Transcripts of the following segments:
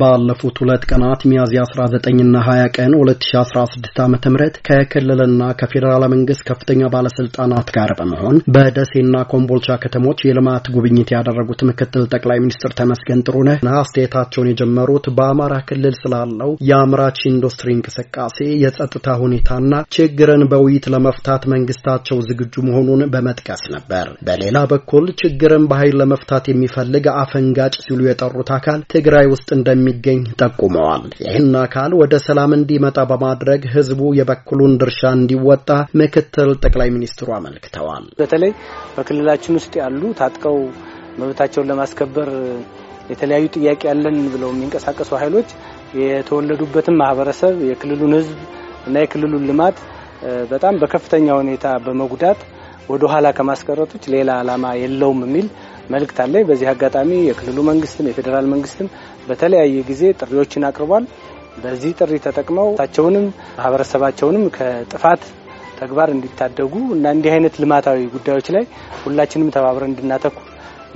ባለፉት ሁለት ቀናት ሚያዝያ 19ና 20 ቀን 2016 ዓ ም ከክልልና ከፌዴራል መንግስት ከፍተኛ ባለስልጣናት ጋር በመሆን በደሴና ኮምቦልቻ ከተሞች የልማት ጉብኝት ያደረጉት ምክትል ጠቅላይ ሚኒስትር ተመስገን ጥሩነህ አስተያየታቸውን የጀመሩት በአማራ ክልል ስላለው የአምራች ኢንዱስትሪ እንቅስቃሴ የጸጥታ ሁኔታና ችግርን በውይይት ለመፍታት መንግስታቸው ዝግጁ መሆኑን በመጥቀስ ነበር። በሌላ በኩል ችግርን በኃይል ለመፍታት የሚፈልግ አፈንጋጭ ሲሉ የጠሩት አካል ትግራይ ውስጥ እንደ እንደሚገኝ ጠቁመዋል። ይህን አካል ወደ ሰላም እንዲመጣ በማድረግ ህዝቡ የበኩሉን ድርሻ እንዲወጣ ምክትል ጠቅላይ ሚኒስትሩ አመልክተዋል። በተለይ በክልላችን ውስጥ ያሉ ታጥቀው መብታቸውን ለማስከበር የተለያዩ ጥያቄ ያለን ብለው የሚንቀሳቀሱ ኃይሎች የተወለዱበትን ማህበረሰብ፣ የክልሉን ህዝብ እና የክልሉን ልማት በጣም በከፍተኛ ሁኔታ በመጉዳት ወደ ኋላ ከማስቀረቶች ሌላ ዓላማ የለውም የሚል መልእክት አለኝ። በዚህ አጋጣሚ የክልሉ መንግስትም የፌዴራል መንግስትም በተለያየ ጊዜ ጥሪዎችን አቅርቧል። በዚህ ጥሪ ተጠቅመው ታቸውንም ማህበረሰባቸውንም ከጥፋት ተግባር እንዲታደጉ እና እንዲህ አይነት ልማታዊ ጉዳዮች ላይ ሁላችንም ተባብረን እንድናተኩር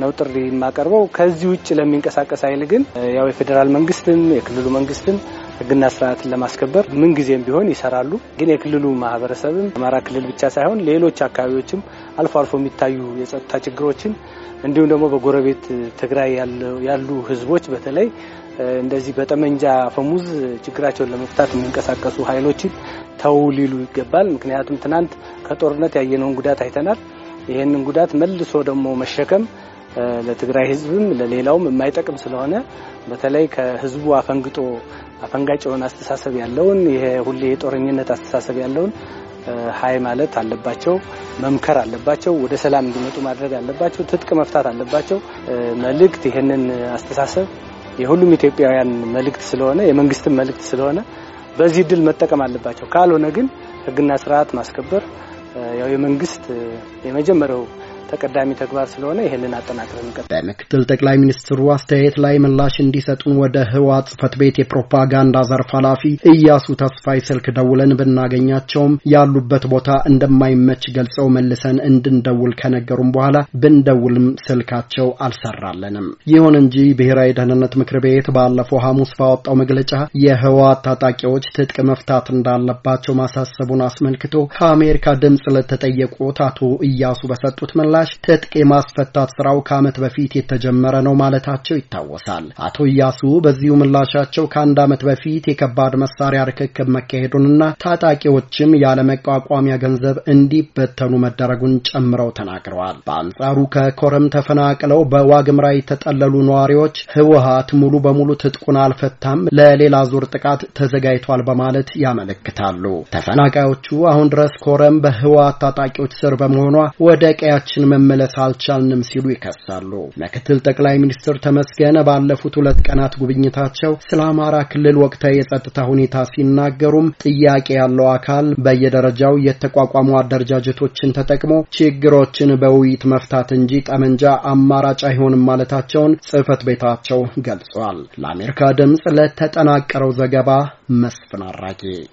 ነው ጥሪ የማቀርበው። ከዚህ ውጭ ለሚንቀሳቀስ ኃይል ግን ያው የፌዴራል መንግስትም የክልሉ መንግስትም ህግና ስርዓትን ለማስከበር ምን ጊዜም ቢሆን ይሰራሉ። ግን የክልሉ ማህበረሰብም አማራ ክልል ብቻ ሳይሆን ሌሎች አካባቢዎችም አልፎ አልፎ የሚታዩ የጸጥታ ችግሮችን እንዲሁም ደግሞ በጎረቤት ትግራይ ያሉ ህዝቦች በተለይ እንደዚህ በጠመንጃ አፈሙዝ ችግራቸውን ለመፍታት የሚንቀሳቀሱ ኃይሎችን ተው ሊሉ ይገባል። ምክንያቱም ትናንት ከጦርነት ያየነውን ጉዳት አይተናል። ይህንን ጉዳት መልሶ ደግሞ መሸከም ለትግራይ ህዝብም ለሌላውም የማይጠቅም ስለሆነ በተለይ ከህዝቡ አፈንግጦ አፈንጋጭ የሆነ አስተሳሰብ ያለውን ይሄ ሁሌ የጦረኝነት አስተሳሰብ ያለውን ሀይ ማለት አለባቸው፣ መምከር አለባቸው፣ ወደ ሰላም እንዲመጡ ማድረግ አለባቸው፣ ትጥቅ መፍታት አለባቸው። መልእክት ይህንን አስተሳሰብ የሁሉም ኢትዮጵያውያን መልእክት ስለሆነ የመንግስትም መልእክት ስለሆነ በዚህ ድል መጠቀም አለባቸው። ካልሆነ ግን ህግና ስርዓት ማስከበር ያው የመንግስት የመጀመሪያው ተቀዳሚ ተግባር ስለሆነ ይህንን አጠናክረን እንቀጥላለን። በምክትል ጠቅላይ ሚኒስትሩ አስተያየት ላይ ምላሽ እንዲሰጡን ወደ ህወሓት ጽህፈት ቤት የፕሮፓጋንዳ ዘርፍ ኃላፊ እያሱ ተስፋይ ስልክ ደውለን ብናገኛቸውም ያሉበት ቦታ እንደማይመች ገልጸው መልሰን እንድንደውል ከነገሩም በኋላ ብንደውልም ስልካቸው አልሰራለንም። ይሁን እንጂ ብሔራዊ ደህንነት ምክር ቤት ባለፈው ሐሙስ ባወጣው መግለጫ የህወሓት ታጣቂዎች ትጥቅ መፍታት እንዳለባቸው ማሳሰቡን አስመልክቶ ከአሜሪካ ድምፅ ለተጠየቁት አቶ እያሱ በሰጡት ምላሽ ምላሽ ትጥቅ የማስፈታት ስራው ከዓመት በፊት የተጀመረ ነው ማለታቸው ይታወሳል። አቶ እያሱ በዚሁ ምላሻቸው ከአንድ ዓመት በፊት የከባድ መሳሪያ ርክክብ መካሄዱንና ታጣቂዎችም ያለመቋቋሚያ ገንዘብ እንዲበተኑ መደረጉን ጨምረው ተናግረዋል። በአንጻሩ ከኮረም ተፈናቅለው በዋግምራ የተጠለሉ ነዋሪዎች ህወሀት ሙሉ በሙሉ ትጥቁን አልፈታም፣ ለሌላ ዙር ጥቃት ተዘጋጅቷል በማለት ያመለክታሉ። ተፈናቃዮቹ አሁን ድረስ ኮረም በህወሀት ታጣቂዎች ስር በመሆኗ ወደ ቀያችን መመለስ አልቻልንም ሲሉ ይከሳሉ። ምክትል ጠቅላይ ሚኒስትር ተመስገን ባለፉት ሁለት ቀናት ጉብኝታቸው ስለ አማራ ክልል ወቅታዊ የጸጥታ ሁኔታ ሲናገሩም ጥያቄ ያለው አካል በየደረጃው የተቋቋሙ አደረጃጀቶችን ተጠቅሞ ችግሮችን በውይይት መፍታት እንጂ ጠመንጃ አማራጭ አይሆንም ማለታቸውን ጽህፈት ቤታቸው ገልጿል። ለአሜሪካ ድምፅ ለተጠናቀረው ዘገባ መስፍን አራጌ